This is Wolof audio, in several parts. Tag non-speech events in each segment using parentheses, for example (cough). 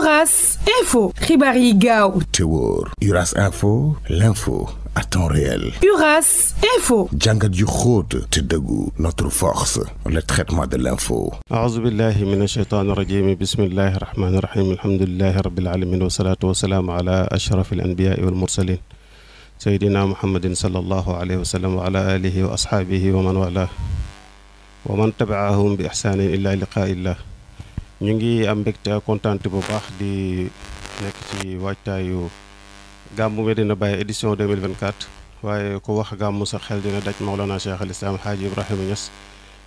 Uras Info, Ribari Gao. Tewor, Uras Info, l'info à temps réel. Uras Info. Djanga du Khoud, Tedagou, notre force, le traitement de l'info. أعوذ بالله من الشيطان الرجيم بسم الله الرحمن الرحيم الحمد لله رب العالمين والصلاة والسلام على أشرف الأنبياء والمرسلين سيدنا محمد صلى الله عليه وسلم وعلى آله وأصحابه ومن والاه ومن تبعهم بإحسان إلى لقاء الله ñu ngi am mbégte contente bu baax di nekk ci waajtaayu gàmmu Medina Baye édition 2024 waaye ku wax gàmmu sa xel dina daj Mawlana Cheikh al Islam Xaaji Ibrahima Niass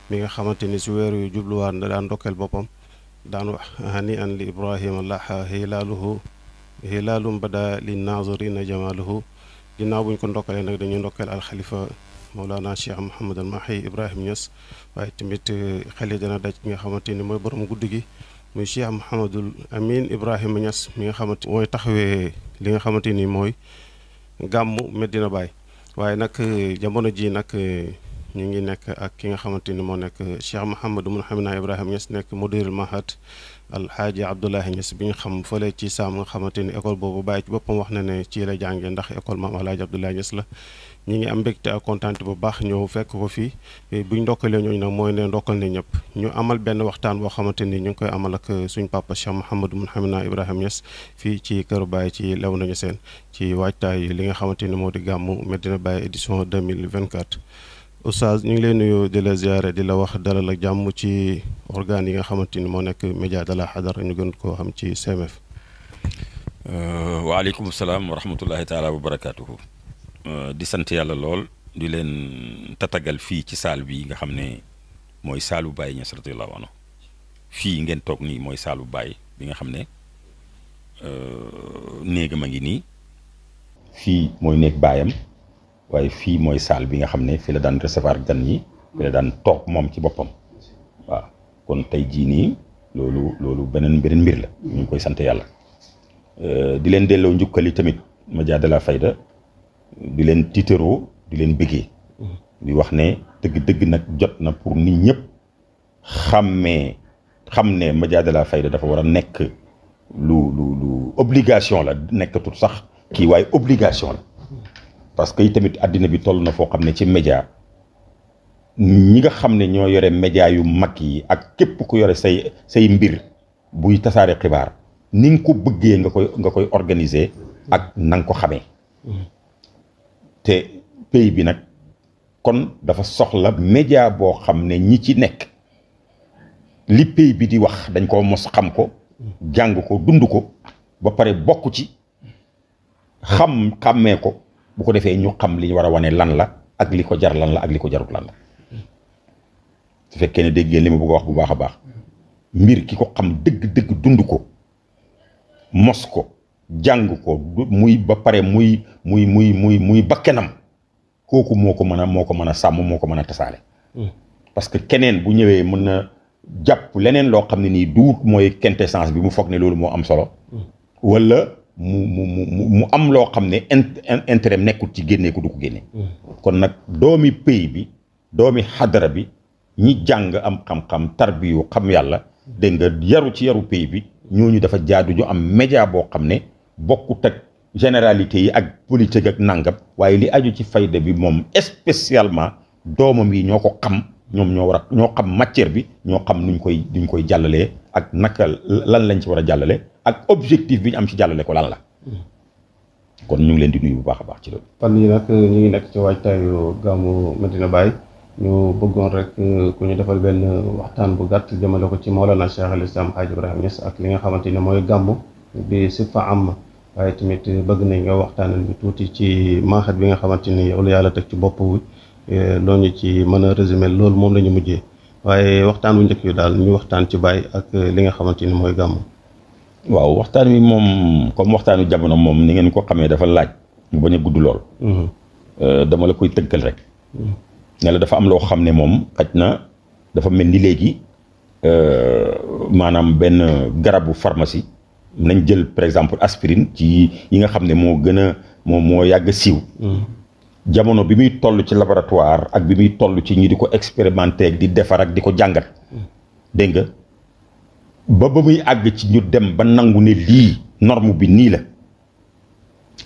mi nga xamante ni si weer yu jubluwaan da daan ndokkeel boppam daan wax hani an li Ibrahima laha hilaluhu hilaalum bada li naazirina jamaluhu ginnaaw buñ ko ndokkalee nag dañuy ndokkeel al xalifa Mawlana Cheikh Mouhamadul Mahi Ibrahima Niass waaye tamit xel yi dana daj ki nga xamante ni mooy borom guddi gi muy Cheikh Mouhamadul Amin Ibrahima Niass mi nga xamante mooy taxawee li nga xamante ni mooy gàmmu Medina baay waaye nag eh, jamono ji nag eh, ñu ngi nekk ak ki nga xamante ni moo nekk Cheikh Mouhamadou Mouhamadou Ibrahima Niass nekk mudirul mahad alxaaji Abdoulahi Niass bi nga xam fële ci saam nga xamante ni école boobu bàyyi ci boppam wax na ne ci la jàngee ndax école maam alxaaji Abdoulahi Niass la ñu ngi am mbégte ak kontaan bu baax ñëw fekk ko fii bu ñu ndokkalee ñooñu nag mooy ne ndokkal ne ñëpp ñu amal benn waxtaan boo xamante ni ñu ngi koy amal ak suñ papa Cheikh Mouhamadou Mouhamadou Ibrahima Niass fii ci këru Baye ci lew nañu seen ci waajtaay li nga xamante ni moo di gàmmu Medina Baye édition 2024 Oustaz ñu ngi lay nuyu di la ziare di la wax dalal ak jàmm ci organes yi nga xamante ni moo nekk média de la Hadara ñu gën koo xam ci CMF. waaleykum salaam wa rahmatullahi taala wa barakaatuhu. di sant yàlla lool di leen tatagal fii ci saal bi nga xam ne mooy saalu Baye Niass radiyallahu anhu fii ngeen toog nii mooy saalu Baye bi nga xam ne néegam a ngi nii. fii mooy néeg baayam waaye fii mooy salle bi nga xam ne fi la daan recevoir gan yi fii la daan toog moom ci boppam waaw kon tey jii nii loolu loolu beneen beneen mbir la ñu koy sante yàlla euh, di leen delloo njukkal yi tamit Média de Fayda di leen tiitaroo di leen bëggee di wax ne dëgg-dëgg nag jot na pour nit ñëpp xàmmee xam ne Média de Fayda dafa war a nekk lu lu lu obligation la nekkatul sax kii waaye obligation la parce que tamit àddina bi toll na foo xam ne ci média ñi nga xam ne ñoo yore média yu mag yi ak képp ku yore say say mbir buy tasaare xibaar ni ko bëggee nga koy nga koy organiser ak na ko xamee te pays bi nag kon dafa soxla média boo xam ne ñi ci nekk li pays bi di wax dañ koo mos xam ko jàng ko dund ko ba pare bokk ci xam xàmmee ko bu ko defee ñu xam li ñu war a wane lan la ak li ko jar lan la ak li ko jarut lan la su fekkee ne dégg ngeen li ma bëgg a wax bu baax a baax mbir ki ko xam dëgg-dëgg dund ko mos ko jàng ko muy ba pare muy muy muy muy muy bakkenam kooku moo ko mën a moo ko mën a sàmm moo ko mën a tasaale mm. parce que keneen bu ñëwee mën na jàpp leneen loo xam ne nii duut mooy quintessence bi mu foog ne loolu moo am solo mm. wala mu mu mu mu am loo xam ne intérêt nekkul ci génnee ko du ko génne hmm. kon nag doomi pays bi doomi xadara bi ñi jàng am xam-xam tarbiyu xam yàlla dégg nga yaru ci yaru pays bi ñooñu dafa jaadu ñu am média boo xam ne bokkut ak généralité yi ak politique ak nangam waaye li aju ci fayda bi moom spécialement doomam yi ñoo ko xam ñoom ñoo war a ñoo xam matière bi ñoo xam nuñ koy nuñ koy jàllalee ak naka lan lañ ci war a jàllale ak objectif bi ñu am ci jàllale ko lan la. kon ñu ngi leen di nuyu bu baax a baax ci loolu. fan yii nag ñu ngi nekk ci waajtaayu gàmmu Medina Baye ñu bëggoon rek euh, ku ñu defal benn waxtaan bu gàtt jëmale ko ci Mawlana Cheikh al Islam Hadj Ibrahima Niass ak li nga xamante ne mooy gàmmu bi si fa am waaye tamit bëgg nañ nga waxtaan ñu tuuti ci maaxat bi nga xamante ni yow la yàlla teg ci bopp wi euh, loo ñu ci mën a résumé loolu moom la ñu mujjee waaye waxtaan bu njëkk yu daal ñu waxtaan ci Baye ak li nga xamante ni mooy gàmmu. waaw waxtaan wi moom comme waxtaanu jamono moom ni ngeen ko xamee dafa laaj mu bañ a gudd lool. Mm-hmm. Euh, dama la koy tënkal rek. Mm-hmm. ne dafa am loo xam ne moom xaj na dafa mel ni léegi euh, maanaam benn garabu pharmacie nañ jël par exemple aspirine ci yi nga xam ne moo gën a moom moo yàgg siiw. Mm-hmm. jamono bi muy toll ci laboratoire ak bi muy toll ci ñi di ko expérimenter di defar ak di ko jàngat dégg nga. ba ba muy àgg ci ñu dem ba nangu ne lii norme bi nii la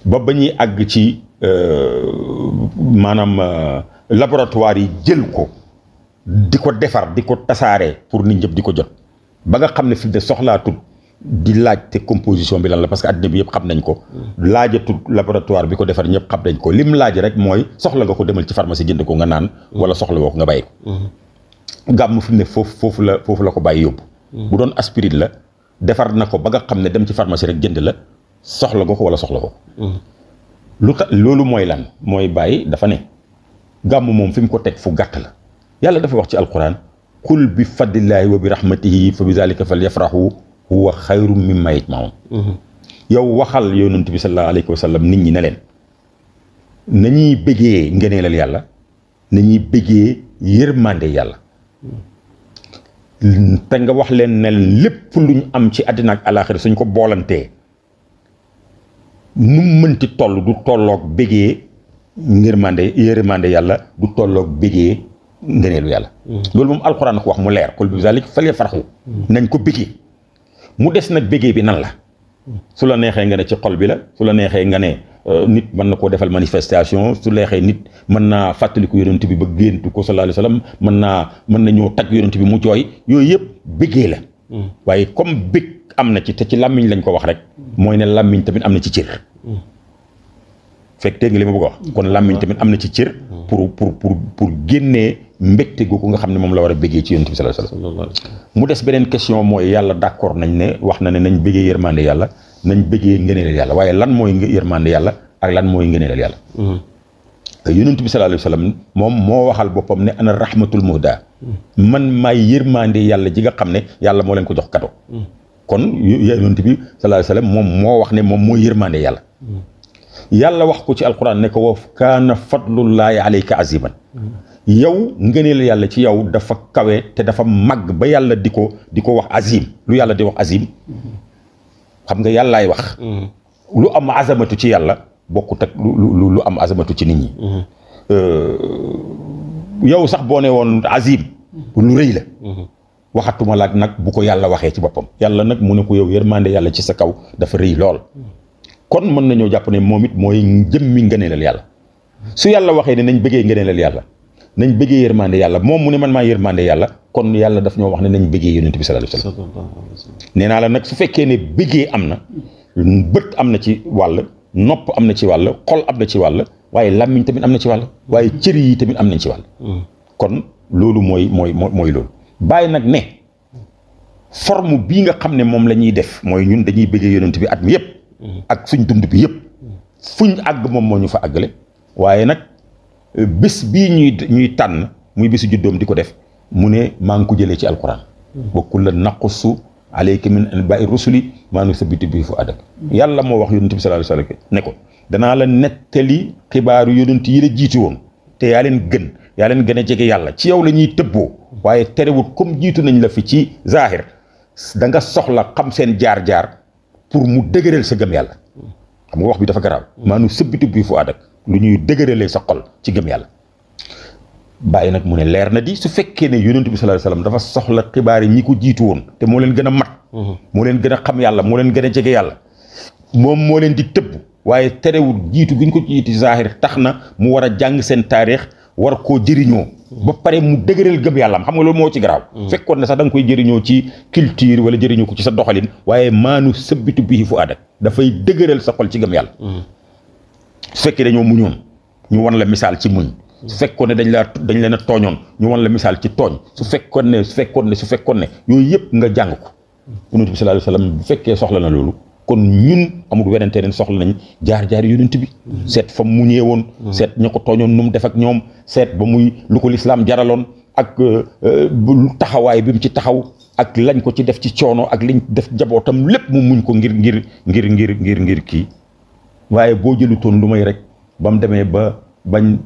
ba ba ñuy àgg ci euh, maanaam euh, laboratoire yi jël ko di ko defar di ko tasaaree pour nit ñëpp di ko jot ba nga xam ne fi de soxlaatul di laaj te composition bi lan la parce que àddina bi yëpp xam nañ ko laajatul laboratoire bi ko defar ñëpp xam nañ ko lim laaj rek mooy soxla nga ko demal ci pharmacie jënd ko nga naan wala soxla woo ko nga bàyyi ko mm-hmm. gàmm fi mu ne foofu foofu la foofu la ko bàyyi yóbbu budon doon la defar nako ba nga xamne dem ci pharmacie rek jënd la soxla goko wala soxla ko lu lolu moy lan moy baye dafa ne gàmm mom fim ko tek fu gàtt la yàlla dafa wax ci alquran kul bi fadlillahi wa bi rahmatihi fa bi zalika falyafrahu huwa xayrum mimma yajmaun yow waxal yonent bi sallallahu alayhi wa sallam nit ñi ne len nañi bëggee ngëneelal yàlla nañi bëggee yërmande yàlla te nga wax leen ne lépp lu ñu am ci àddina ak alaaxira suñ ko boolantee nu mënti toll du tolloog bégee ngërmande mànde yàlla du tolloog bégee ngëneelu yàlla mm-hmm. loolu moom alxuraan ko wax mu leer kul bi zalik fale faraxu mm-hmm. nañ ko bégee mu des nag bégee bi nan la mm-hmm. su la neexee nga ne ci xol bi la su la neexee nga ne Euh, nit mën na koo defal manifestation su leexee nit mën naa fàttaliku yonent bi ba géntu ko sallallahu alayhi wasallam mën naa mën na ñëw tag yonent bi mu jooy yooyu yëpp bëggee la mm. waaye comme bëgg am na ci te ci làmmiñ lañ ko wax rek mooy ne làmmiñ tamit am na ci cër mm. fekk li ma bëgg a kon làmmiñ tamit am na ci cër mm. pour pour pour pour génnee mbégte googu xam ne moom la war a bëggee ci yonent bi sallallahu alayhi wasallam mu des beneen question mooy yàlla d'accord nañ ne wax na ne nañ bëggee yërmande yàlla nañ bëggee ngëneelal yàlla waaye lan mooy yërmande yàlla ak lan mooy ngëneelal yàlla mm-hmm. yonent bi sallallahu alayhi wa sallam moom moo waxal boppam ne ana rahmatul muhda mm-hmm. man maay yërmande yàlla ji nga xam ne yàlla moo leen ko jox kado mm-hmm. kon yonent bi sallallahu alayhi wa sallam moom moo wax ne moom mooy yërmande yàlla yàlla wax ko ci alquran ne ko wa kaana fadlullaahi alayka aziman yow ngëneel yàlla ci yow dafa kawe te dafa màgg ba yàlla di ko di ko wax lu yàlla di wax azim xam nga yàllaay wax. Mm-hmm. lu am asamatu ci yàlla bokkut ak lu lu am asamatu ci nit ñi. Mm-hmm. Euh, yow sax boo ne woon azim. lu rëy la. Mm-hmm. waxatuma laaj nag bu ko yàlla waxee ci boppam yàlla nag mu ne ko yow yërmande yàlla ci sa kaw dafa rëy lool. kon mën nañoo jàpp ne moom it mooy jëmmi ngëneelal yàlla su yàlla waxee ne nañ bëggee ngëneelal yàlla. nañ bëggee yërmande yàlla moom mu ne man maa yërmande yàlla kon yàlla daf ñoo wax ne nañ bëggee yonent bi sallallahu alayhi wasallam nee naa nag su fekkee ne bëggee am na bët am na ci wàll nopp am na ci wàll xol am na ci wàll waaye làmmiñ tamit am na ci wàll waaye cër yi tamit am nañ ci wàll mm. kon loolu mooy mooy mooy loolu bàyyi nag ne forme bi nga xam ne moom la ñuy def mooy ñun dañuy bëggee yonent bi at mi yëpp mm. ak suñ dund bi yëpp mm. fuñ àgg moom moo ñu fa àggale waaye nag bés bii ñuy ñuy tànn muy bésu juddoom di ko def mu ne maa ngi ko jëlee ci alquran wa kullan naqussu alayka min anba'i rusuli maa nusabbitu bihi fu'aadak yàlla moo wax yonent bi sallallahu alayhi ne ko danaa la nettali xibaaru yonent yi la jiitu woon te yaa leen gën yaa gën a jege yàlla ci yow la ñuy tëbboo waaye terewut comme jiitu nañ la fi ci zaahir da nga soxla xam seen jaar-jaar pour mu dëgëral sa gëm yàlla xam nga wax bi dafa garaaw maa nu sëbbitu bii fu àddak lu ñuy dëgëralee sa xol ci gëm yàlla bàyyi nag mu ne leer na di su fekkee ne yonent bi sallallahu alayhi dafa soxla xibaar yi ñi ko jiitu woon te moo leen gën a mat mm-hmm. moo leen gën a xam yàlla moo leen gën a yàlla moom moo leen di tëbb waaye terewul jiitu guñ ko jiitu zahir tax na mu war a jàng seen taarix war koo jëriñoo ba pare mu dëgëral gëm yàllaam xam nga loolu moo ci garaaw mm-hmm. fekkoon na sax da koy jëriñoo ci culture wala jëriñoo ko ci sa doxalin waaye maanu sëbbitu bii fu àddak dafay dëgëral sa xol ci gëm yàlla mm-hmm. su fekkee dañoo muñoon ñu wan la misaal ci muñ su fekkoon ne dañ laa dañ leen a tooñoon ñu wan la misaal ci tooñ su fekkoon ne su fekkoon ne su fekkoon ne yooyu yëpp nga jàng ko yonent bi sallallahu alayhi wa bu fekkee soxla na loolu kon ñun amul wenente leen soxla nañ jaar-jaar yonent bi seet fa mu ñëwee woon seet ña ko tooñoon nu mu def ak ñoom seet ba muy lu ko lislaam jaraloon ak euh, euh, taxawaay bi mu ci taxaw ak lañ ko ci def ci coono ak liñ def jabootam lépp mu muñ ko ngir ngir ngir ngir ngir ngir kii waaye boo jëlutoon lu may rek ba mu demee ba bañ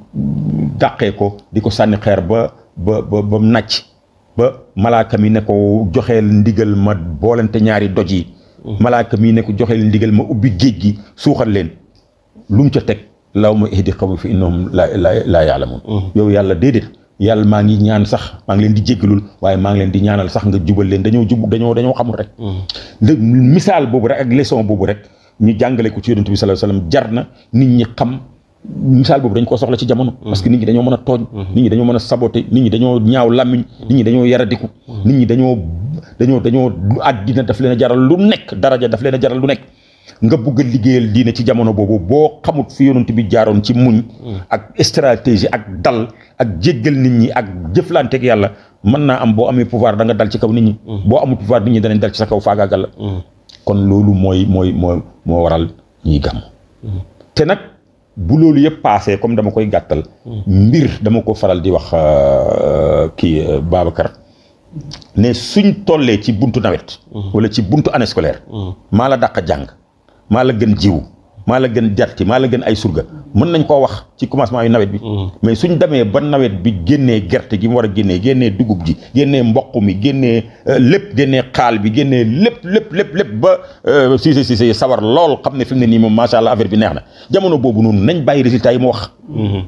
dàqee ko di ko sànni xeer ba ba ba ba mu nàcc ba malaaka mi ne ko joxeel ndigal ma boolante ñaari doj yi mm-hmm. malaaka mi ne ko joxeel ndigal ma ubbi géej gi suuxal leen lu mu ca teg law ma ihdi xaw fi innahum laa laa laa yaalamun mm-hmm. yow yàlla déedéet yàlla maa ngi ñaan sax maa ngi leen di jéggalul waaye maa ngi leen di ñaanal sax nga jubal leen dañoo jub dañoo dañoo xamul rek mm-hmm. misaal boobu rek ak leçon boobu rek ñu jàngale ko ci yonent bi sallallahu alayhi wasallam jar na nit ñi xam misaal boobu dañ koo soxla ci jamono parce que nit ñi dañoo mën a tooñ nit ñi dañoo mën a saboté nit ñi dañoo ñaaw làmmiñ nit ñi dañoo yaradiku nit ñi dañoo dañoo dañoo àddina daf leen a jaral lu nekk daraja daf leen a jaral lu nekk nga bëgg a liggéeyal diine ci jamono boobu boo xamut fi yonent bi jaaroon ci muñ ak stratégie ak dal ak jéggal nit ñi ak jëflanteeg yàlla mën naa am boo amee pouvoir danga nga dal ci kaw nit ñi boo amul pouvoir nit ñi danañ dal ci kaw faagaagal kon loolu mooy mooy moo moo waral ñi gàmm te nag bu loolu yëpp paasee comme dama koy gàttal mbir dama ko faral di wax euh, kii euh, Babacar ne suñ tollee ci buntu nawet mm-hmm. wala ci buntu année scolaire mm-hmm. maa la daq jàng maa la gën jiw maa la gën jarti maa la gën ay surga mën nañ koo wax ci commencement yu nawet bi mm. mais suñ demee ba nawet bi génnee gerte gi mu war a génnee génnee dugub ji génnee mboq mi génnee euh, lépp génnee xaal bi génnee lépp lépp lépp lépp ba siise euh, siise sawar lool xam ne fi mu ne nii moom macha allah affaire bi neex na jamono boobu noonu nañ bàyyi résultat yi mu wax mm-hmm.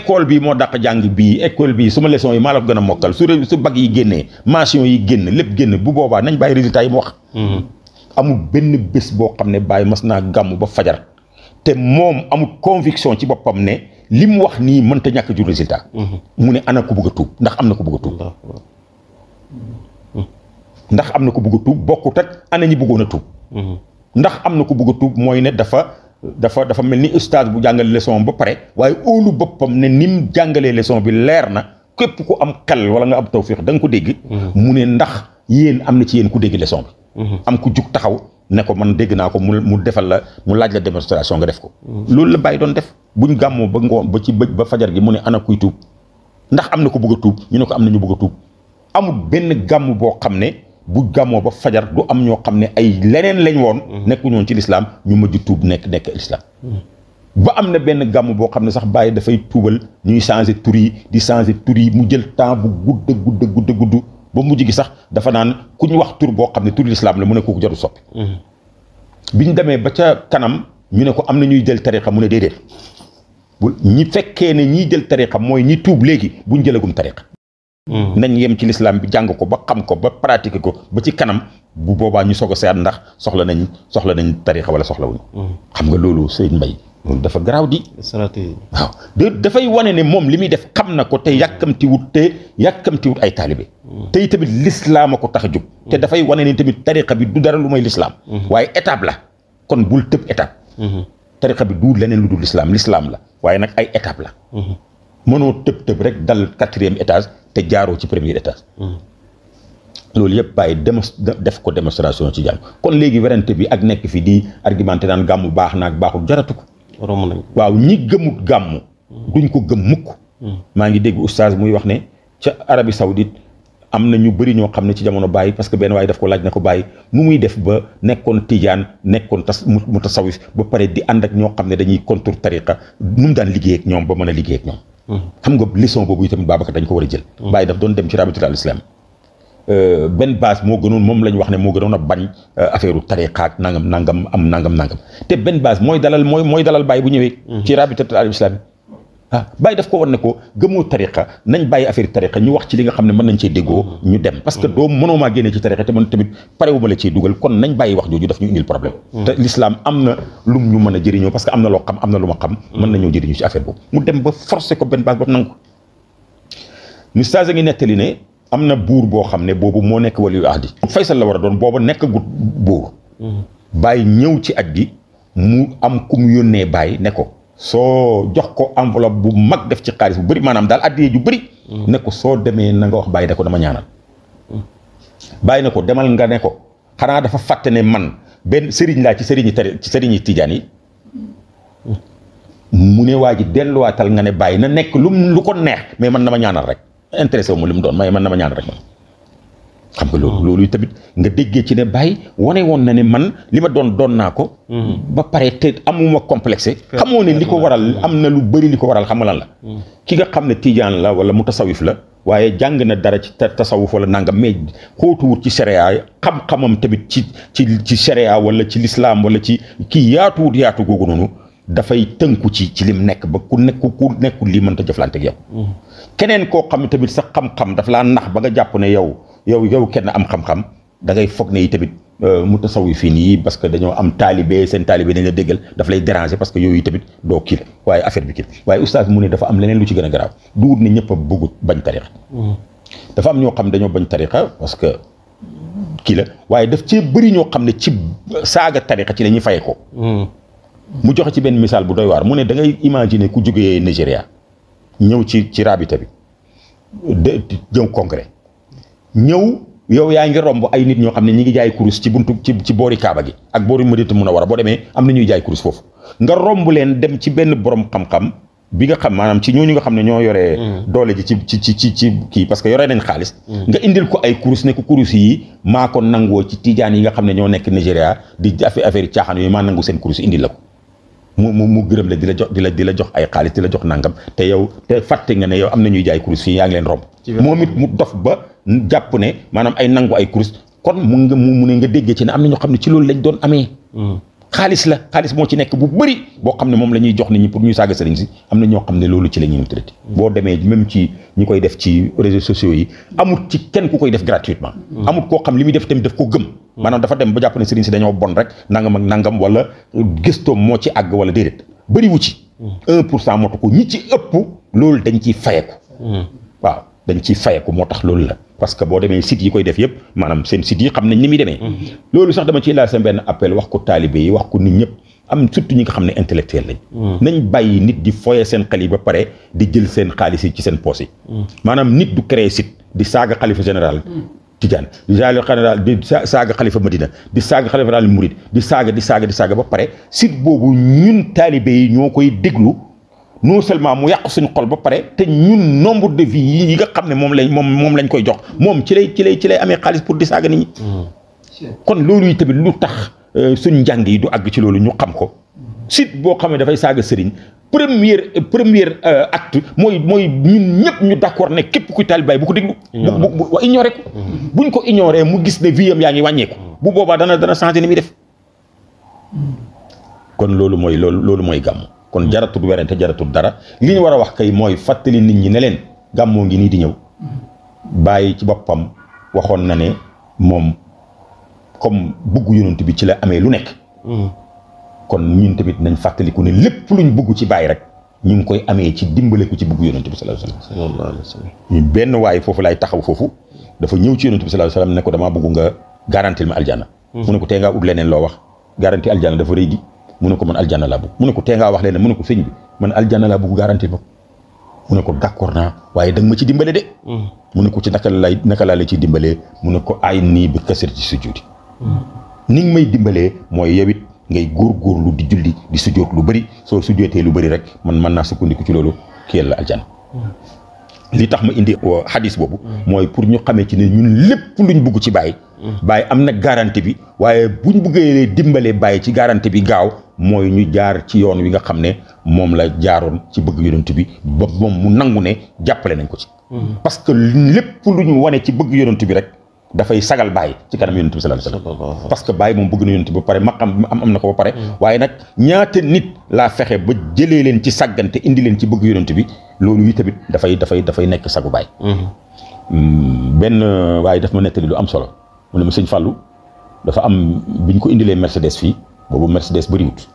école bi moo dàq jàng bii école bi su ma leçon yi maa la gën a mokkal su su bag yi génnee mention yi génn lépp génn bu boobaa nañ bàyyi résultat yi mu wax mm-hmm. amul benn bes bo xamne ne Baye masna gamu ba fajar té mom amul conviction ci bopam né lim wax ni mën ta ñak ju résultat. Mhm. mu ne ana ko bëgg tu ndax amna ko bëgg tu mhm. ndax amna ko bëgg tu bokku tak ana ñi bëggona tu mhm. ndax amna ko bëgg tu moy né dafa dafa dafa melni oustad bu jangal leçon ba pare. waye oolu bopam ne nim jangalé leçon bi na képp ku am xel wala nga am tawfiq dang ko dégg. mu né ndax yeen amna ci yeen ku dégg leçon bi. Mm-hmm. am ku jug taxaw ne ko man dégg naa ko mu mu defal la mu laaj la démonstration nga def ko. Mm-hmm. loolu la bàyyi doon def buñ gàmmoo ba ngoon ba ci bëj ba fajar gi mu ne ana kuy tuub ndax am na ko bëgg a tuub ñu ne ko am na ñu bëgg tuub amul benn gàmm boo xam ne bu gàmmoo ba fajar du am ñoo xam ne ay leneen lañ woon. Mm-hmm. nekku ci lislaam ñu mujj tuub nekk nekk lislaam ba am na benn gàmm boo xam ne sax bàyyi dafay tuubal ñuy changer tur yi di changer tur yi mu jël temps bu gudd gudd gudd gudd ba mujj gi sax dafa naan ku ñu wax tur boo xam ne tur lislaam la mu ne kooku jarul soppi mhm. bi ñu demee ba ca kanam ñu ne ko am na ñuy jël tariqa mu ne déedéet bu ñi fekkee ne ñi jël tariqa mooy ñi tuub léegi bu buñ jëlagum tariqa mhm. nañ yem ci lislaam bi jàng ko ba xam ko ba pratiquer ko ba ci kanam bu boobaa ñu soog a seet ndax soxla nañ soxla nañ tariqa wala soxla wuñu mhm. xam nga loolu Sëriñ Mbay loolu dafa garaaw di. stratégie waaw dafay wane ne moom li muy def xam na ko te yàkkamtiwut te yàkkamtiwut ay taalibe. Mm. tey tamit lislaam a ko tax a te mm. dafay wane ni tamit tariqa bi du dara lu may lislaam. Mm-hmm. waaye étape la kon bul tëb étape. Mm-hmm. tariqa bi du leneen lu dul lislaam lislaam la waaye nag ay étape la. Mm-hmm. mënoo tëb tëb rek dal quatrième étage te jaaroo ci premier étage. loolu yëpp bàyyi def ko démonstration ci jàmm kon léegi werante bi ak nekk fi di argumenté naan gàmmu baax naag baaxul jaratu ko. romb nañ waaw ñi gëmu gàmmu duñ ko gëm mukk hmm. maa ngi dégg oustaz muy wax ne ca Arabie Saoudite am na ñu bëri ñoo xam ne ci jamono bàyyi parce que benn waaye daf ko laaj na ko bàyyi nu muy def ba nekkoon tijaan nekkoon tas mu tasawis ba pare di ànd ak ñoo xam ne dañuy contre tariqa nu mu daan liggéey ak ñoom ba mën a liggéey ak ñoom hmm. xam nga leçon boobu itamit Babacar dañ ko war a jël hmm. bàyyi daf doon dem ci rabitul al islam Euh, benn baas moo gënoon moom la ñu wax ne moo gënoon a bañ euh, affaire u tariqa ak nangam nangam am nangam nangam te benn baas mooy dalal mooy mooy dalal bàyyi bu ñëwee mhm. ci rabitatul alam islami ah bàyyi daf ko war ne ko gëmoo tariqa nañ bàyyi affaire tariqa ñu wax ci li nga xam ne mën nañ cee déggoo mhm. ñu dem parce que mhm. doo mënoo maa génnee ci tariqa te man tamit parewu ma la ciy dugal kon nañ bàyyi wax jooju daf ñu indil problème te l'islam am na lum ñu mën a jëriñoo parce que am na loo xam am na lu ma xam mën nañoo jëriñu ci affaire boobu mu dem ba forcé ko benn baas ba nangu ñu stage ngi nettali ne am na buur boo xam ne boobu moo nekk waliyu ahdi faysal la war a doon booba nekk gut ñëw ci at gi mu am ku mu yónnee bàyyi ne ko soo jox ko enveloppe bu mag def ci xaalis bu bari maanaam daal addiyee ju bari mm. ne ko soo demee na nga wax bàyyi ne ko dama ñaanal mm. bàyyi ne ko demal nga ne ko xanaa dafa fàtte ne man benn sëriñ laa ci sëriñi tari ci sëriñi tijaan yi mm. mu ne waa ji delluwaatal nga ne bàyyi na nekk lu lu ko neex mais man na ma ñaanal rek intéressé wu ma doon may man na ma ñaan rek xam nga loolu loolu tamit nga déggee ci ne bàyyi wane woon na ne man li ma doon doon naa ko. ba pare te amuma complexe. xamoo ne li ko waral am na lu bëri li ko waral xam nga lan la. ki nga xam ne tijaan la wala mu tasawif la. waaye jàng na dara ci tasawuf wala nangam mais xóotuwut ci sharia xam-xamam tamit ci ci ci sharia wala ci lislaam wala ci kii yaatuwut yaatu googu noonu. dafay tënku ci ci lim nekk ba ku nekk ku nekkul lii mënta jëflante ak yow. Mm-hmm. keneen koo xam tamit sa xam-xam daf laa nax ba nga jàpp ne yow yow yow kenn am xam-xam da ngay foog ne yi tamit euh, mu tasawu fii nii parce que dañoo am taalibe seen taalibe dañ la déggal daf lay déranger parce que yooyu tamit doo kii waaye affaire bi kii waaye oustaz mu ne dafa am leneen lu ci gën a garaaw duut ne ñëpp a bëggu bañ tariqa. Mm-hmm. dafa am ñoo xam ne dañoo bañ tariqa parce que kii la waaye daf cee bëri ñoo xam ne ci saaga tariqa ci la ñuy fay ko. Mm-hmm. mu joxe ci benn misaal bu dooy waar mu ne da ngay imaginer ku jógee Nigéria ñëw ci ci rabita bi de jëm congrès ñëw yow yaa ngi romb ay nit ñoo xam ne ngi jaay kurus ci buntu ci ci boori Kaaba gi ak boori Madinatu Munawwara boo demee am na ñuy jaay kurus nga romb leen dem ci benn borom xam-xam nga xam maanaam ci ñooñu nga xam ne ñoo yore. Mm. doole ji ci ci ci ci kii parce que yore nañ xaalis. Mm. nga indil ko ay kurus ne ko kurus yi maa ko nangoo ci tijaan yi nga xam ne ñoo nekk Nigéria di affaire affaire caaxaan yooyu maa nangu seen kurus indil la ko. mu mu gërëm la di la jox di la di la jox ay xaalis di la jox nangam te yow te fàtte nga ne yow am na ñuy jaay kurus fii yaa ngi leen romb moom it mu dof ba jàpp ne maanaam ay nangu ay kurus kon mu nga mu ne nga déggee ci ne am na ñoo xam ne ci loolu lañ doon amee hmm. xaalis la xaalis moo ci nekk bu bëri boo xam ne moom la ñuy jox nit ñu pour ñu saaga sëriñ si am na ñoo xam ne loolu ci la ñuy traité boo demee même ci ñi koy def ci réseaux sociaux yi amul ci kenn ku koy def gratuitement amul koo xam li muy def tamit daf ko gëm maanaam dafa dem ba jàpp ne sëriñ si dañoo bon rek nangam ak nangam walla wala gëstoom moo ci àgg wala déedéet bëriwu ci un pour cent moo ko ñi ci ëpp loolu dañ ciy fayeku mm. waaw dañ ciy fayeku moo tax loolu la parce que boo demee site yi koy def yëpp maanaam seen site yi xam nañ ni muy demee. Mm-hmm. loolu sax dama ci laal seen benn appel wax ko taalibe yi wax ko nit ñëpp am surtout ñi nga xam ne intellectuel lañ. Mm-hmm. nañ bàyyi nit di foyee seen xel yi ba pare di jël seen xaalis yi ci seen poos yi. Mm-hmm. maanaam nit du créer site di saaga xalifa général. Tijaan di saaga général di saaga xalifa Madina di saaga xalifa général Murid di saaga di saaga di saaga ba pare site boobu ñun taalibe yi ñoo koy déglu. non seulement mu yàq suñu xol ba pare te ñun nombre de vie yi nga xam ne moom lañ moom moom lañ koy jox moom ci lay ci lay ci lay amee xaalis pour di saaga nit ñi kon loolu yi tamit lu tax euh, suñ njàng yi du àgg ci loolu ñu xam ko site boo xamee dafay saaga sëriñ première première euh, acte mooy mooy ñun ñëpp ñu d'accord ne képp kuy taalibaay bu ko déglu bu wa ignoré ko buñ ko ignoré mu gis ne vie am yaa ngi wàññeeku bu boobaa dana dana changé ni muy def kon loolu mooy loolu loolu mooy gàmm kon jaratul werante jaratul dara li ñu war a wax kay mooy fàttali nit ñi ne leen gàmmoo ngi nii di ñëw bàyyi ci boppam waxoon na ne moom comme bugg yonent bi ci la amee lu nekk hmm. kon ñun tamit nañ fàttaliku ne lépp luñ bugg ci bàyyi rek ñu ngi koy amee ci dimbaleku ci bugg yonent bi sallallahu alayhi wasallam ñu benn waay foofu laay taxaw foofu dafa ñëw ci yonent bi sallallahu alayhi wasallam ne ko damaa bugg nga garantil ma aljana hmm. mu ne ko tee ngaa ut leneen loo wax garanti aljana dafa rëy gi mu ne ko man aljanna laa bëgg mu ne ko tee ngaa wax leen mu ne ko sëñ bi man aljanna laa bëgg garanti ma mu ne ko d'accord naa waaye da ma ci dimbale de. Mm. mun ne ko ci naka lay naka laa la ciy dimbalee mu ne ko ay nii bi kasar ci sujudi mm. ni may dimbalee mooy yow it ngay góorlu di julli di sujjoot lu bari soo sujjootee lu bari rek man mën naa sukkandiku ci loolu ki la aljanna. Mm. li tax ma indi ko hadis boobu. mooy pour ñu xamee ci ne ñun lépp luñ bugg ci bàyyi. bàyyi am na garantie bi waaye buñ buggee dimbalee bàyyi ci garantie bi gaaw. mooy ñu jaar ci yoon wi nga xam ne moom la jaaroon ci bëgg yonent bi ba moom mu nangu ne jàppale nañ ko ci mhm. parce que lépp lu ñu wane ci bëgg yonent bi rek dafay sagal bàyyi ci kanam yonent bi sallallahu alayhi wasallam parce que bàyyi moom bëgg na yonent bi ba pare am am na ko mhm. waaye nag ñaata nit laa fexe ba jëlee leen ci sàggante indi leen ci bëgg yonent bi loolu yi tamit dafay dafay dafay nekk sagu bàyyi mhm. hmm, benn waaye daf ma nekk lu am solo mu ne ma sëñ Fallou dafa am bu biñ ko indilee Mercedes fii boobu Mercedes bëriwut ci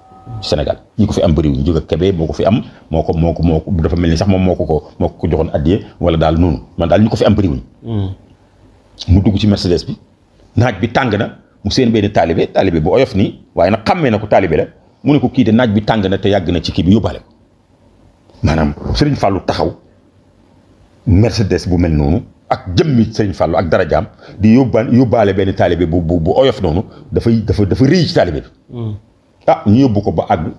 Sénégal ñi ko fi am bëriwul Ndiouga Kébé moo ko fi am moo ko moo ko moo ko dafa mel ni sax moom moo ko ko moo ko joxoon addiye wala daal noonu man daal ñu ko fi am bëriwul. Hmm. mu dugg ci Mercedes bi naaj bi tàng na mu seen benn taalibe taalibe bu oyof nii waaye nag xàmmee na ko taalibe la mu ne ko kii de naaj bi tàng na te yàgg na ci kii bi yóbbaale maanaam Serigne Fallou taxaw Mercedes bu mel noonu. ak jëmmi sëñ Fallou ak dara darajaam di yóbbaan yóbbaale benn taalibe bu bu bu oyof noonu dafay dafa dafa rëy ci taalibe bi. Hmm. ah ñu yóbbu ko ba àgg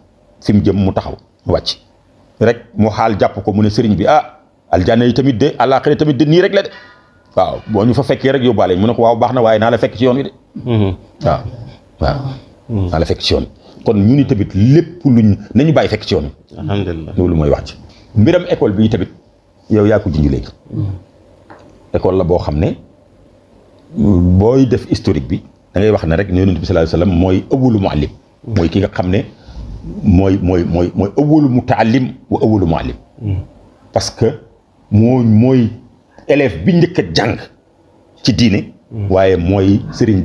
fi mu jëm mu taxaw wàcc. rek mu xaal jàpp ko mu ne sëriñ bi ah aljanna yi tamit de àllaaxira tamit de nii rek la de waaw boo ñu fa fekkee rek yóbbaale mu ne ko waaw baax na waaye naa la fekk ci yoon wi de. Hmm. waaw waaw. Hmm. naa la fekk ci yoon kon ñu ni tamit lépp luñ ñu bàyyi fekk ci yoon wi. loolu mooy wax ci mbiram école bi tamit yow yaa ko école la bo xamné boy def historique bi da ngay wax ne rek yonent bi sallallahu alayhi wasallam moy awwalu muallim mooy ki nga xam ne mooy mooy mooy mooy mutaallim wa awwalu muallim parce que moo mooy élève bi jàng ci diine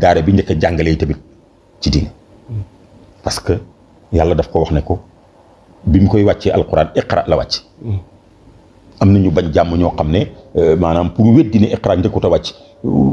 daara bi tamit ci diine parce que yàlla daf ko wax ne ko bim koy wacce alquran iqra la wacce am na ñu bañ jàmm ñoo xam ne euh, maanaam pour weddi ne iqra njëkkut a wàcc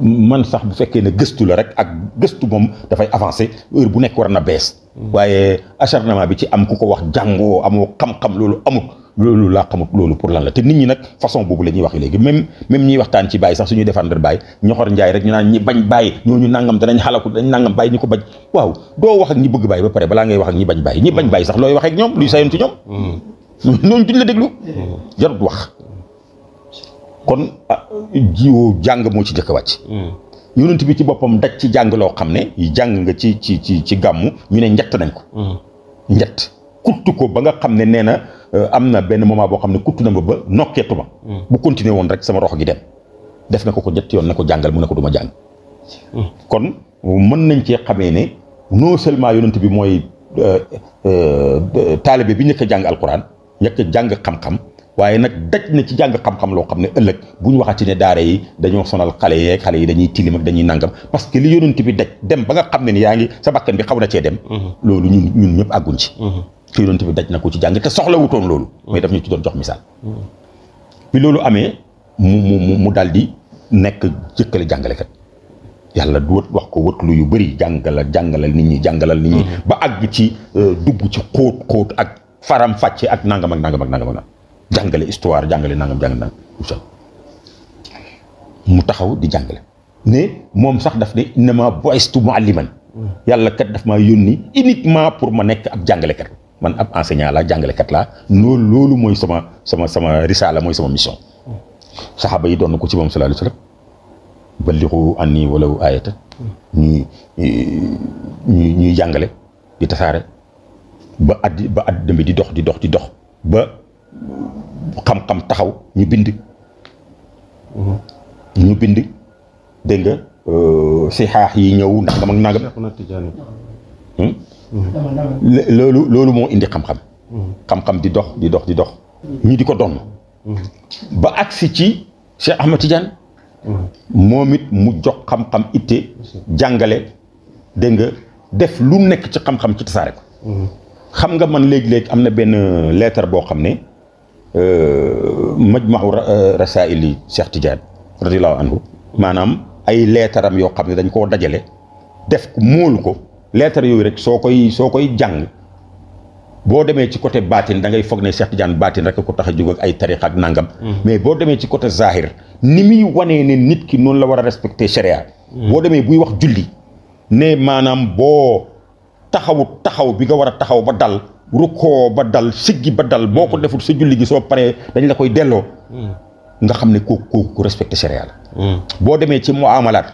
man sax bu fekkee ne gëstu la rek ak gëstu moom dafay avancé heure bu nekk war na bees. waaye acharnement bi ci am ku ko wax jàngoo amoo xam-xam loolu amut. loolu laa xamut loolu pour lan la te nit ñi nag façon boobu la ñuy wax léegi même même ñuy waxtaan ci bàyyi sax ñu défendre bàyyi ñoxor njaay rek ñu naan ñi bañ bàyyi ñooñu nangam danañ xalaku danañ nangam bàyyi ñu ko bañ waaw doo wax ak ñi bëgg bàyyi ba pare balaa ngay wax ñi bañ bàyyi ñi bañ bàyyi sax looy wax ak ñoom luy sayoon ci ñoom. Mm. (laughs) la déglu. Mm. jarut wax. kon ah, jiwoo jàng moo ci jëkk wàcc hmm. yonent bi ci boppam daj ci jàng loo xam ne jàng nga ci ci ci ci gàmmu ñu ne njett nañ ko njett hmm. kuttu ko ba nga xam ne nee na euh, am na benn moment boo xam ne kuttu na ma ba nokkeetu ma hmm. bu continuer woon rek sama rox gi dem def na ko ko ñett yoon na ko jàngal mu ne ko du ma jàng kon mën nañ cee xamee ne non seulement yonent bi mooy euh, euh, taalibe bi njëkk a jàng alquran njëkk a jàng xam-xam waaye nag daj na ci jàng xam-xam loo xam ne ëllëg bu ñu ci ne daara yi dañoo sonal xale yeeg xale yi dañuy tilim ak dañuy nangam parce que li yonent bi daj dem ba nga xam ne ni yaa ngi sa bakkan bi xaw na cee dem mm-hmm. loolu ñun ñun ñëpp àgguñ ci mm-hmm. te yonent bi daj na ko ci jàng te soxla loolu mm-hmm. mais daf ñu ci doon loolu amee mu daal di nekk jëkkale jàngalekat yàlla du wax ko wëtlu yu bëri jàngala jàngalal nit ñi jàngalal nit ñi ba àgg ci euh, dugg ci xóot xóot ak faram fàcce ak nangam ak nangam ak nangam jangale histoire jangale nangam nang nangam mu taxaw di jangale ne mom sax daf ne innama boistu mualliman yalla kat daf ma yoni uniquement pour ma nek ab kat man ab enseignant jangale kat la loolu lolou moy sama sama sama risala moy sama mission sahaba yi don ko ci mom sallallahu alaihi wasallam sallam anni walau ayata ni ni ni jangale di tassare ba ad ba ad dëmbi di dox di dox di dox ba kam-kam taxaw ñu bind ñu bind de nga euh sihah yi ñëw nangam hmm? Hmm. ak nagam lolu lolu mo indi kam kam kam kam di dox di dox di dox hmm. ñi diko don ba aksi ci Cheikh Ahmad Tidiane momit mu jox kam kam ité jangalé de nga def lu nekk ci kam kam ci tasaare ko xam nga man leg-leg amna ben lettre bo xamné Euh, majmahu euh, rasaili Cheikh Tidiane radiallahu anhu maanaam ay leetaram yoo xam ne dañ koo dajale def ko móolu ko leetar yooyu rek soo koy soo koy jàng boo demee ci côté baatin da ngay foog ne Cheikh Tidiane baatin rek ko tax a jóg ay tariqa ak nangam. Mm-hmm. mais boo demee ci côté zahir ni muy wanee ne nit ki noonu la war a respecté sharia mm-hmm. boo demee buy wax julli ne maanaam boo taxawut taxaw bi nga war a taxaw ba dal rukkoo ba dal siggi ba dal boo ko hmm. deful sa julli gi soo paree dañ la koy delloo hmm. nga xam ne kooku kooku ku respecté sharia hmm. boo demee ci muamalaat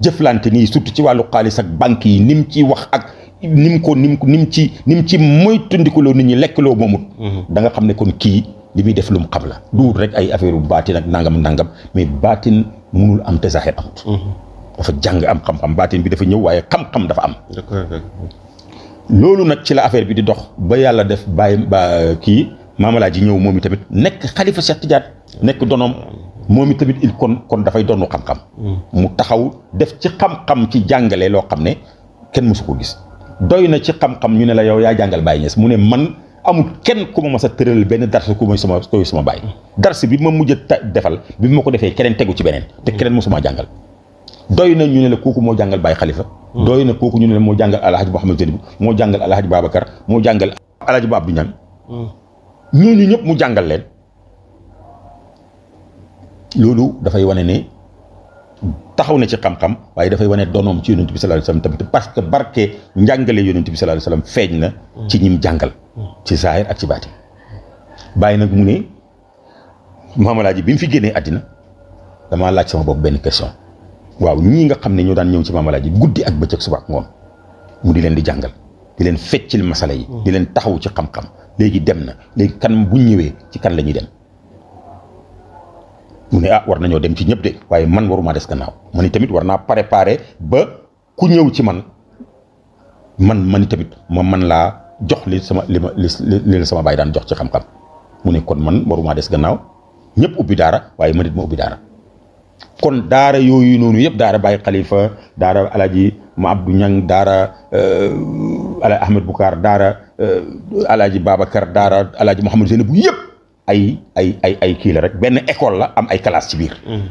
jëflante nii surtout ci wàllu xaalis ak banque yi nim ci wax ak nim ko nim nim ci nim ci moytandikuloo nit ñi lekk loo moomut da nga xam ne kon kii li muy def lu mu xam la duut rek ay affaire bu baatin ak nangam nangam mais baatin munul am te zahir amut dafa jàng am xam-xam baatin bi dafa ñëw waaye xam-xam dafa am loolu nag ci la affaire bi di dox ba yàlla def bàyyi ba kii maamalaaji ñëw moom i tamit nekk xalifa Cheikh Tidiane nekk donoom moom i tamit il kon kon dafay donnu xam-xam hmm. mu taxaw def ci xam-xam ci jàngale loo xam ne kenn mësu ko gis doy na ci xam ñu ne la yow yaa jàngal Baye Niass mu ne man amul kenn ku ma mas a tëral benn darse ku may sama koy suma baay hmm. darse bi ma mujj a defal bi ma ko defee keneen tegu ci beneen te hmm. keneen mosuma jàngal doy na ñu ne la kooku moo jàngal Baye xalifa hmm. doy na kooku ñu ne la moo jàngal El Hadj Mouhamed Zeynab moo jàngal El Hadj Babacar moo jàngal El Hadj Babou Niang. Hmm. ñëpp mu jàngal leen. loolu dafay wane ne taxaw na ci xam-xam waaye dafay wane doonoom ci yonent bi sallallahu alayhi wasallam parce que barke njàngale yonent bi sallallahu alayhi wasallam feeñ na. Hmm. ci ñim jàngal. ci zahir ak ci baati. bàyyi nag mu ne Maam Alaaji bi mu fi génnee àddina damaa laaj sama bopp benn question. waaw ñii nga xam ne ñoo daan ñëw ci maam alaaji guddi ak bëccëg suba ak ngoon mu di leen di jàngal di leen feccil masala yi di leen taxaw ci xam-xam léegi dem na léegi kan bu ñëwee ci kan la ñuy dem mu ne ah war nañoo dem ci ñëpp de waaye man waruma des gannaaw man itamit war naa préparer ba ku ñëw ci man man man itamit ma man laa jox li sama li ma li sama baay daan jox ci xam mu ne kon man waruma des gannaaw ñëpp ubbi daara waaye man it ma ubbi daara kon daara yooyu noonu yëpp daara Baye Khalifa daara alaji ma Abdou Niang daara euh, ala Ahmed Boucar daara euh, alaji Babacar daara alaji Mouhamadou Zeynabou yëpp ay ay ay ay kii la rek benn école la am ay classe ci biir mm.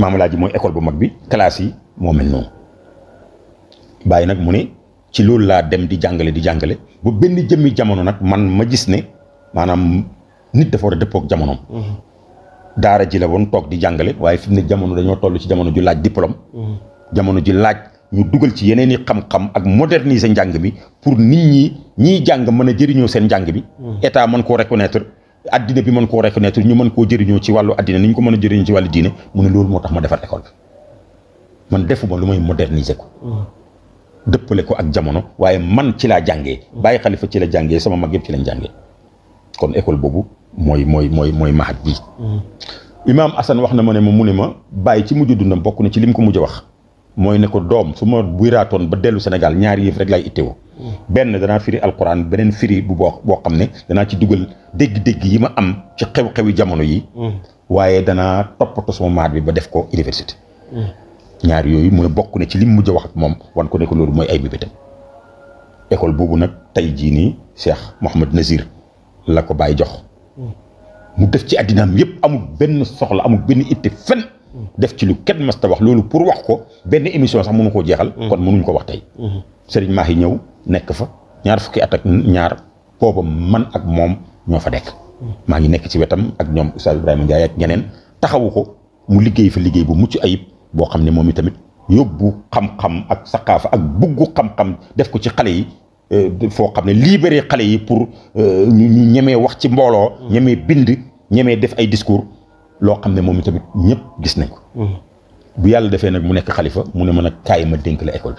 maam alaaji mooy école bu mag bi kalaas yi moo mel noonu Baye nag mu ne ci loolu laa dem di jàngale di jàngale ba benn jëmmi jamono nag man ma gis ne maanaam nit dafa war dëppook jamonoom mm-hmm. daara ji la woon toog di jàngale waaye fi mu ne jamono dañoo toll ci jamono ju laaj diplôme. jamono ji laaj ñu dugal ci yeneen i xam-xam ak moderniser njàng mi pour nit ñi ñiy jàng mën a jëriñoo seen njàng bi. Mm. état mën koo reconnaître addina bi mën koo reconnaître ñu mën koo jëriñoo ci wàllu àddina ni ñu ko mën a jëriñoo ci wàllu diine mu ne loolu moo tax ma defar école man defuma lu may moderniser ko. Mm. dëppale ko ak jamono waaye man ci laa jàngee. Mm. bàyyi xalifa ci la jàngee sama mag yëpp lañ jàngee kon école boobu. mooy mooy mooy mooy mahat bi mm. imaam Assane wax na ma ne ma mu ne ma bàyyi ci mujj dundam bokk na ci lim ko mujj wax mooy ne ko doom su ma buraatoon ba dellu senegal ñaar yëf rek laay itteewoo. Mm. benn danaa firi alquran beneen firi bu boo boo xam ne danaa ci dugal dégg-dégg yi ma am ci xew-xewi jamono yi. Mm. waaye danaa toppatoo sama maat bi ba def ko université. ñaar yooyu mooy bokk na ci lim mujj wax ak moom wan ko ne ko loolu mooy ay bibitam école boobu nag tey jii nii Cheikh Mouhamed Nazir la ko bàyyi jox. mu def ci addinaam yëpp amul benn soxla amul benn itte fen def ci lu kenn mas wax loolu pour wax ko benn émission sax mënu koo jeexal mm. kon mënuñ ko wax tey mm-hmm. sëriñ Mahi ñëw nekk fa ñaar fukki at ak ñaar booba man ak moom ñoo fa nekk mm. maa ngi nekk ci wetam ak ñoom Oustaz Ibrahima Ndiaye ak ñeneen taxawu ko mu liggéey fa liggéey bu mucc ayib boo xam ne moom tamit yóbbu xam-xam ak saqaafa ak buggu xam-xam def ko ci xale yi foo xam ne xale yi pour ñu ñemee wax ci mbooloo ñemee bind ñemee def ay discours lo xamné momi tamit ñëpp gis nañ ko bu yàlla défé nak mu nekk khalifa mu ne mëna nag ma dénk la école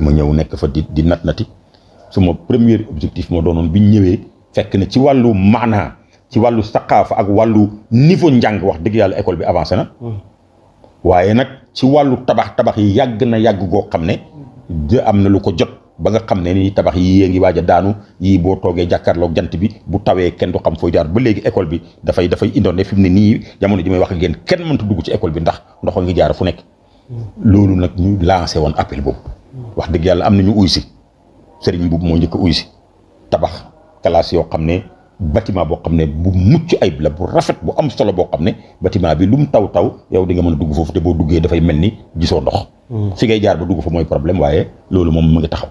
ma ñëw nekk fa di nat nati suma premier objectif mo doonon bi ñëwé fekk na ci walu maanaa ci walu saqafa ak walu niveau njàng wax deug yàlla école bi avancé na waye nak ci walu tabax tabax yi yag na yag go xamné de amna lu ko jot ba nga xamne ne ni tabax yi ngi waja daanu yi bo toge toogee lok jant bi bu tawé ken du xam foy jaar ba légui école bi da fay da ne indone fimni ne jamono ji may wax ak yéen mën ta dugg ci école bi ndax ndox ngi jaar fu nek lolu nak ñu lancé won appel boobu. wax deug yalla am nañu ñu serigne mo ñëk tabax classe yo xamne bâtiment bo xamne bu mucc ayib la bu rafet bu am solo bo xamne bâtiment bi lum taw taw yow di nga mëna dugg fofu te bo duggé da fay ni gisoo ndox. Hmm. fi ngay jaar ba dugg fa mooy problème waaye loolu moom mu ngi taxaw.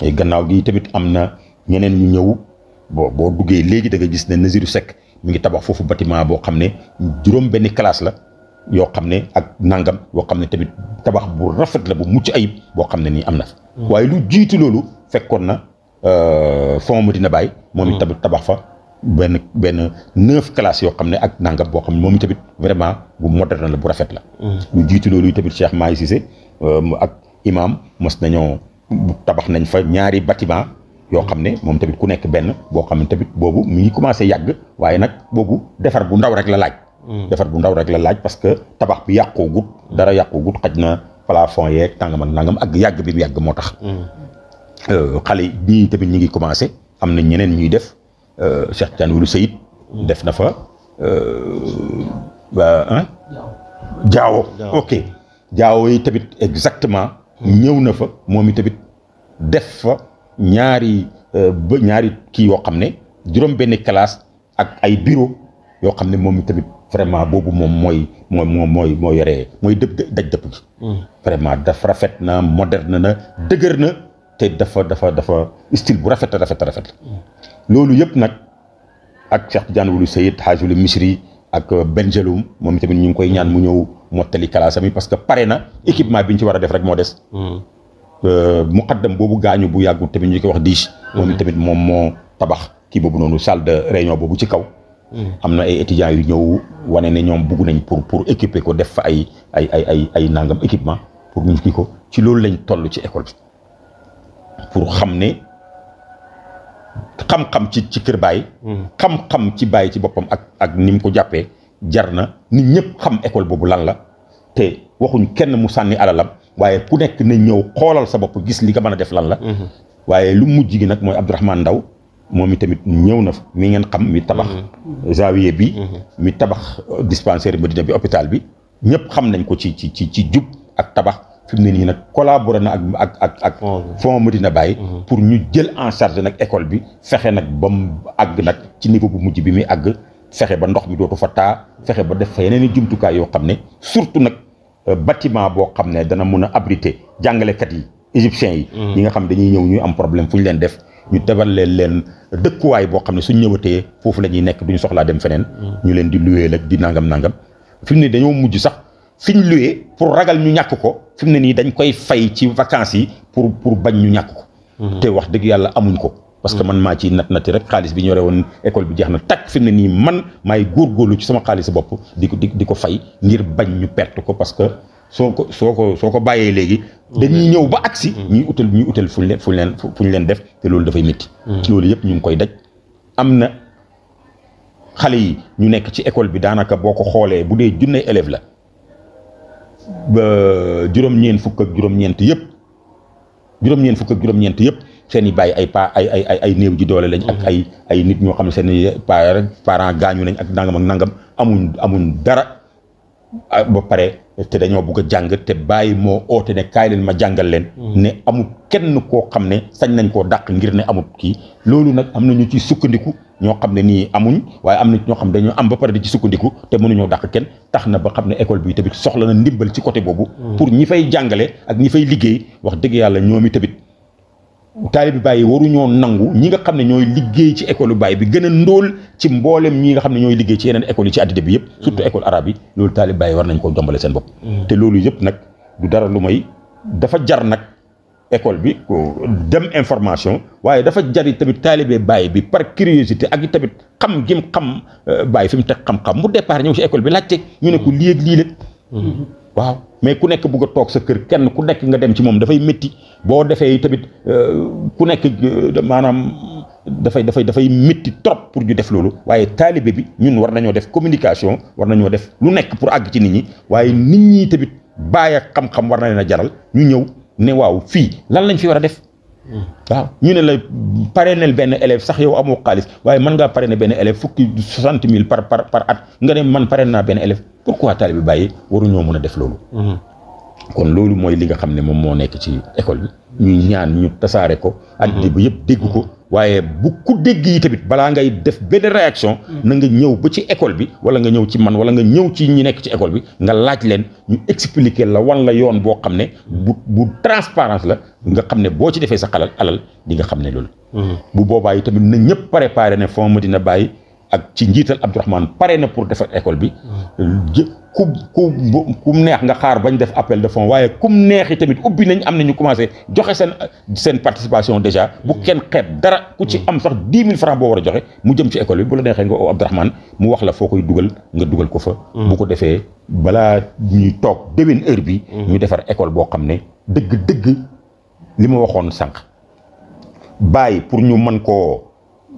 gannaaw gi tamit am na ñeneen ñëw boo boo duggee léegi da nga gis ne Nazirou Seck mi ngi tabax foofu bâtiment boo xam ne juróom benn classe la yoo xam ne ak nangam yoo xam ne tamit tabax bu rafet la bu mucc ayib boo xam ne nii am na mm. waaye lu jiitu fekkoon na euh, fond Medina Baye. moom it mm. tamit tabax fa benn benn neuf classes yoo xam ne ak nangam boo xam ne moom tamit vraiment bu moderne la bu rafet la. Mm. lu jiitu loolu tamit Cheikh Mahi Cissé euh, ak imam mos nañoo. tabax nañ fa ñaari bâtiment yoo xam ne moom tamit ku nekk benn boo xam ne tamit boobu mu ngi commencé yàgg waaye nag boobu defar bu ndaw rek la laaj hmm. defar bu ndaw rek la laaj parce que tabax bi yàqoo gut dara yàqoo gut xaj na plafond yeeg tàngam ak nangam ak yàgg bi mu yàgg moo tax hmm. euh, xale yi tamit ñi ngi commencé am na ñeneen ñuy def euh, Cheikh Tidiane Wulu Seyid hmm. def na fa euh, ba jaawo ok jaawo yi tamit exactement ñëw na fa moom tamit def fa ñaari euh, ba ñaari kii yoo xam ne juróom benn classe ak ay bureau yoo xam ne moom itamit vraiment boobu moom mooy moom moom mooy moo yore mooy dëpp daj dëpp gi hmm. vraiment dafa rafet na moderne na dëgër na te dafa dafa dafa style bu rafet rafet rafet hmm. loolu yëpp nag ak Cheikh Tidiane Wulu Seyid Hajjul Misri ak euh, Benjeloum moom tamit ñu ngi koy ñaan mu ñëw mottali kalaasa mi parce que pare na équipement bi ñu ci war a def rek moo des. Hmm. Euh, muqaddam boobu gaañu bu yàggu tamit ñu koy wax diis. moom hmm. tamit moom moo tabax kii boobu noonu salle de boobu ci kaw. Hmm. am na ay étudiants yu ñëw wane ne ñoom bugg nañ pour pour équiper ko def fa ay ay ay ay nangam équipement pour ñu kii ko ci loolu lañ toll ci école bi pour xam ne. xam-xam ci ci kër baay. Hmm. xam-xam ci baay ci boppam ak ak ni mu ko jàppee jar na nit ñëpp xam école boobu lan la te waxuñ kenn mu sànni alalam waaye ku nekk na ñëw xoolal sa bopp gis li nga mën a def lan la. Hmm. waaye lu mujj gi nag mooy Abdourahmane Ndaw moom i tamit ñëw na mi ngeen xam mi tabax hmm. zawiye bi mi tabax dispensaire Medina bi hôpital bi ñëpp xam nañ ko ci ci ci ci jub ak tabax fi mu ne nii nag collaboré na ak ak ak ak fond Medina Baye mhm. pour ñu jël en charge nag école bi fexe nag ba mu àgg nag ci niveau bu mujj bi muy àgg fexe ba ndox mi dootu fa taa fexe ba def fa yeneen i jumtukaay yoo xam ne surtout nag euh, batiment boo xam ne dana mun a abriter jàngalekat yi égyptiens yi yi mhm. nga xam dañuy ñëw ñuy am problème fu ñu leen def ñu defal leen leen dëkkuwaay boo xam ne suñ ñëwatee foofu la ñuy nekk duñ soxlaa dem feneen mhm. ñu leen di luweel ak di nangam nangam fi fi ñu luwee ragal ñu ñàkk ko fi mu ne nii dañ koy fay ci vacances yi pour pour bañ ñu ñàkk ko. Mhm. te wax dëgg yàlla amuñ ko. parce que mhm. man maa ci nat nati rek xaalis bi ñu woon école bi jeex na takk fi mu nii man maay góorgóorlu ci sama xaalis di ko di ko fay ngir bañ ñu perte ko parce que soo ko soo ko soo ko bàyyee léegi. Mhm. dañuy ñëw ba agsi ñuy utal ñuy utal fuñ leen fuñ leen fuñ leen def te loolu dafay métti. loolu yëpp ñu ngi koy daj am na xale yi ñu nekk ci école bi daanaka boo ko xoolee bu dee junne élève la. ba juróom-ñeent fukk ak juróom-ñeent yëpp juróom-ñeent fukk ak juróom-ñeent yëpp seeni i bàyyi ay pa ay ay ay ay néew ji doole lañ. ak mhm. ay ay nit ñoo xam ne seen i parents gaañu nañ ak nangam ak nangam amuñ amuñ dara ah, ba pare te dañoo bugg a jàng te bàyyi moo oote ne kaay leen ma jàngal leen. Mhm. ne amul kenn koo xam ne sañ nañ koo dàq ngir ne amul kii loolu nag am na ñu ci sukkandiku. ñoo xam ne nii amuñ waaye am na ñoo xam ne dañoo am ba pare ci sukkandiku te mënuñoo dàq kenn tax na ba xam ne école bi tamit soxla na ndimbal ci côté boobu. Mm. pour ñi fay jàngale ak ñi fay liggéey wax dëgg yàlla ñoomi tamit. taalibi Baye waruñoo nangu ñi nga xam ne ñooy liggéey ci école Baye bi gën a ndóol ci mboolem ñi nga xam ne ñooy liggéey ci yeneen école yi ci àddina bi yëpp. surtout école arabe yi loolu taalibi Baye war nañ ko jombale seen bopp. Mm. te loolu yëpp nag du dara lu may dafa jar nag école bi dem information waye dafa jari tamit talibé baye bi par curiosité ak tamit xam gim xam euh, baye fim tek xam-xam mu départ ñëw ci école bi laccé ñu ne ko lii ak li la mm-hmm. waaw mais ku nekk bëgg tok sa kër kenn ku nekk nga dem ci mom da fay metti bo défé tamit euh, ku nekk euh, da fay da fay metti trop pour ñu def lolu waye talibé bi ñun war nañu def communication war nañu def lu nekk pour ag ci nit ñi waye nit ñi tamit baye xam-xam war nañu leen jaral ñu ñëw ne waaw fii lan lañ fi war a def. waaw ñu ne la parrainel benn élève sax yow amoo xaalis waaye mën ngaa parrainer benn élève fukki soixante mille par par par at nga ne man parrainer naa benn élève pourquoi taalibe bi bàyyi ñoo mën a def loolu. kon loolu mooy li nga xam ne moom moo nekk ci école bi. ñu ñaan ñu tasaare ko. àddina bi yëpp dégg ko. waaye bu ku dégg yi tamit balaa ngay def benn réaction mm. na nga ñëw ba ci école bi wala nga ñëw ci man wala nga ñëw ci ñu nekk ci école bi nga laaj leen ñu expliquer la wan la yoon boo xam ne bu bu transparence la nga xam ne boo ci defee sa xalal alal di nga xam ne loolu mm. bu boobaa yi tamit na ñëpp préparé ne ma dina bàyyi ak ci njiital Abdourahmane pare na pour defar école bi mm. ku ku kum neex nga xaar bañ def appel de fonds waaye kum neex yi tamit ubbi nañ am na ñu commencé joxe seen seen participation déjà bu kenn xeeb dara ku ci am sax dix mille francs boo war a joxe mu jëm ci école bi bu la neexee nga oo Abdourahmane mu wax la foo koy dugal nga dugal ko fa mm. bu ko defee balaa ñuy toog déwén heure bi mm. ñu defar école boo xam ne dëgg-dëgg li ma waxoon sànq bàyyi pour ñu mën koo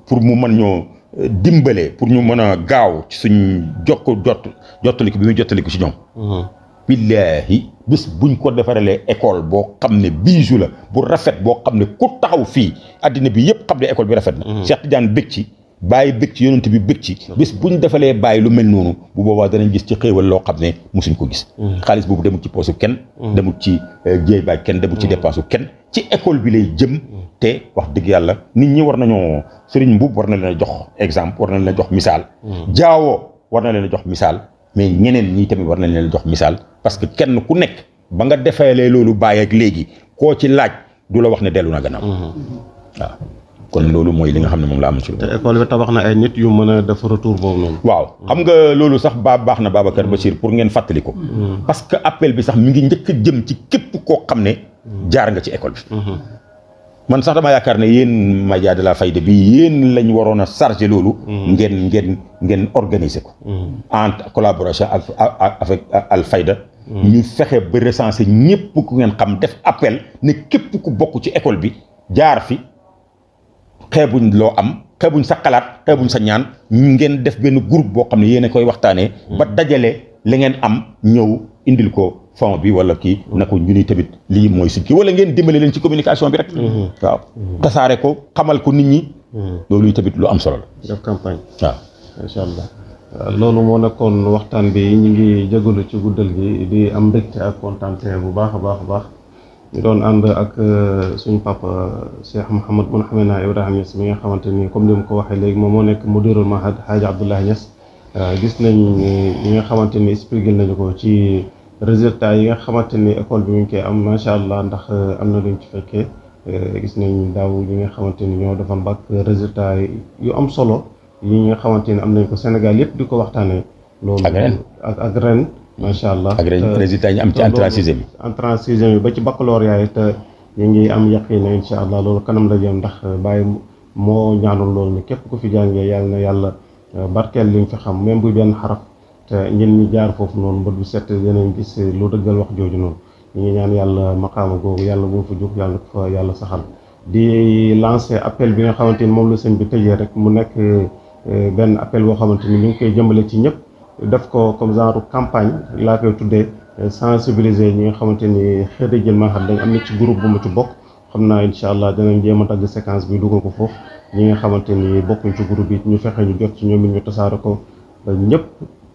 pour mu mën ñoo dimbale pour ñu mën a gaaw ci suñ jokko jot jottaliku bi muy jottaliku ci ñoom mhm. billaahi bis buñ ko defaralee école boo xam ne bijou la bu rafet boo xam ne ku taxaw fii àddina bi yëpp xam ne école bi rafet na mhm. Cheikh Tidiane bëgg ci bàyyi bëgg ci yonent bi bëgg ci mhm. bés buñ defalee bàyyi lu mel noonu bu boobaa danañ gis ci xéewal loo xam ne mu suñ ko gis xaalis boobu demul ci poosu kenn demul ci euh, jéey baaj kenn demul ci dépense kenn ci école bi lay jëm te wax dëgg yàlla nit ñi war nañoo sëriñ mbuub war na leen a jox exemple war na leen a jox misaal. jaawoo hmm. war na leen a jox misaal. mais ñeneen ñi tamit war na leen a jox misaal parce que kenn ku nekk ba nga defeelee loolu bàyyi ak léegi koo ci laaj du la wax ne dellu na gannaaw. Hmm. waaw kon loolu mooy li nga xam ne moom la am ci te école bi tabax na ay nit yu mën a def retour boobu noonu. waaw xam nga hmm. loolu sax baa baax na Babacar Bachir pour ngeen fàttali ko. parce que appel bi sax mi ngi njëkk jëm ci képp koo xam ne. jaar nga ci école man sax dama yakarne yeen ma média de la fayde bi yeen lañ warona charger lolu loolu. Mm. ngeen ngeen ngeen organiser ko. Mm. en collaboration avec al fayda. Mm. ñu fexé ba recenser ñepp ku ngeen xam def appel ne képp ku bokk ci école bi jaar fi xébuñ lo am xébuñ sa xalaat sa ñaan ngeen def benn groupe bo xam ne yéen koy ba dajale. li ngeen am ñëw indil ko fond bi wala kii na ko ñu ni tamit lii mooy si kii walla ngeen dimbale leen ci communication bi rek mm-hmm. waaw mm-hmm. tasaare ko xamal ko nit ñi mm-hmm. loolu tamit lu am solo la def campagne waaw incha euh, loolu moo nekkoon waxtaan bi ñu ngi jégalu ci guddal gi di am mbégte ak kontante bu baax a baax a baax ñu doon ànd ak euh, suñu papa Cheikh Mouhamad mun xamee naa Ibrahima Niass mi nga xamante ni comme ni mu ko waxee léegi moom moo nekk mudirul mahad Hadj Abdoulaye Niass Euh, gis nañ ñi nga xamante ni expliqué nañu ko ci résultat yi nga xamante ni école bi mu ngi koy am macha allah ndax euh, am na luñ ci fekkee euh, gis nañ daaw ñi nga xamante ni ñoo defoon bac résultat yu am solo yi nga xamante ni am nañ ko Sénégal yëpp di ko waxtaanee. loolu ak ak ren. macha allah ak ren résultat ñu am ci entrée en sixième yi. entrée yi ba ci baccalauréat yi ñu ngi am yaqin incha allah loolu kanam la ndax bàyyi moo ñaanul loolu képp ku fi jàngee yàlla na yàlla. Euh, barkeel li nga fi xam même bu benn xaraf te ñin ñi jaar foofu noonu ba du set dinañ gis euh, lu dëggal wax jooju noonu ñu ngi ñaan yàlla maqaama googu yàlla bu fa jóg yàlla fa yàlla saxal di lancer appel bi nga xamante ni moom la sëñ bi tëjee rek mu nekk euh, benn appel boo xamante ni ñu ngi koy jëmbalee ci ñëpp def ko comme genre campagne laa koy tuddee sensibiliser ñi nga xamante ni xëy na jël dañ am na ci groupe bu mu ci bokk xam naa incha allah dinañ jéem a tagg séquence bi dugal ko foofu ñi nga xamante ni bokkuñ ci groupe bi ñu fexe ñu jot ci ñoom it ñu tasaare ko ba euh, ñëpp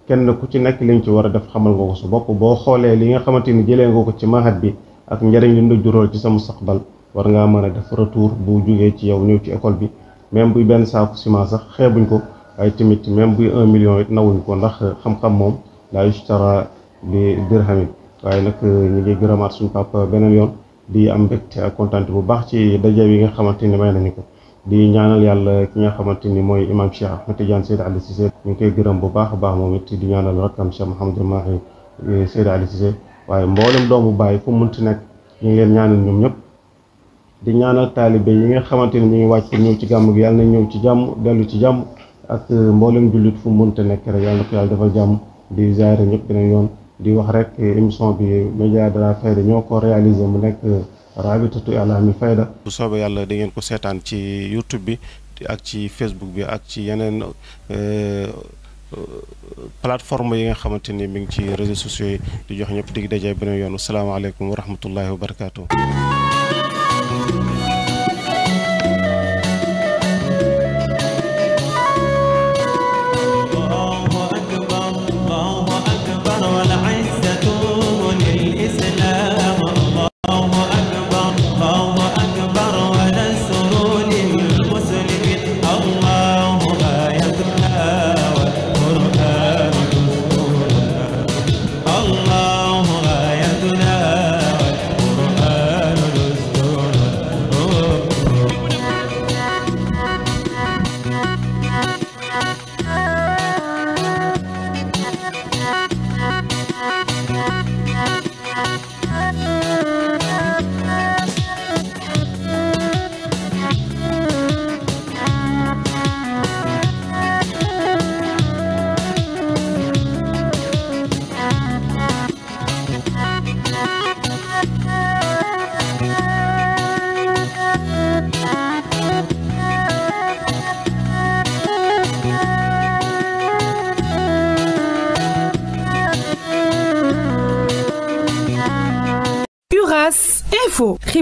kenn ku ci nekk liñ ci war a def xamal nga ko su bokk boo xoolee li nga xamante ni jëlee nga ko ci mahat bi ak njëriñ li mu la jural ci sa mustaqbal war ngaa mën a def retour bu jugee ci yow ñëw ci école bi même buy benn saaku ciment sax xeebuñ ko waaye tamit même buy un million it nawuñ ko ndax xam-xam moom laa yustara bi dirhamin waaye nag euh, ñu ngi suñu papa beneen yoon di am mbégte ak kontaan bu baax ci daje yi nga xamante ni may nañu ko. di ñaanal yàlla ki nga xamante ni mooy imam Cheikh Ahmed Tidiane Seydou Ali Cissé ñu ngi koy gërëm bu baax a baax moom it di ñaanal rakkam Cheikh Mouhamadou Mahi eh, Seydou Ali Cissé waaye mboolem doomu bàyyi fu munti nekk ñu ngi leen ñaanal ñoom ñëpp di ñaanal taalibe yi nga xamante ni ñu wàcc pour ñëw ci gàmm gi yàlla na ñëw ci jàmm dellu ci jàmm ak eh, mboolem jullit fu mun munti nekk rek yàlla na ko yàlla dafa jàmm di ziare ñëpp beneen yoon di wax rek eh, émission bi média de la fayda ñoo ko réalisé mu nekk raabitatu ilaami fayda bu soobee yàlla da ngeen ko seetaan ci youtube bi ak ci facebook bi ak ci yeneen euh, plateforme yi nga xamante ni mi ngi ci réseaux sociaux yi di jox ñëpp dig dajee beneen yoon asalaamaaleykum wa rahmatullahi wa barakaatu.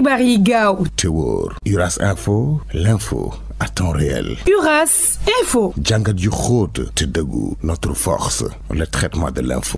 Tu Gao Uras info l'info à temps réel Uras info jangat yu notre force le traitement de l'info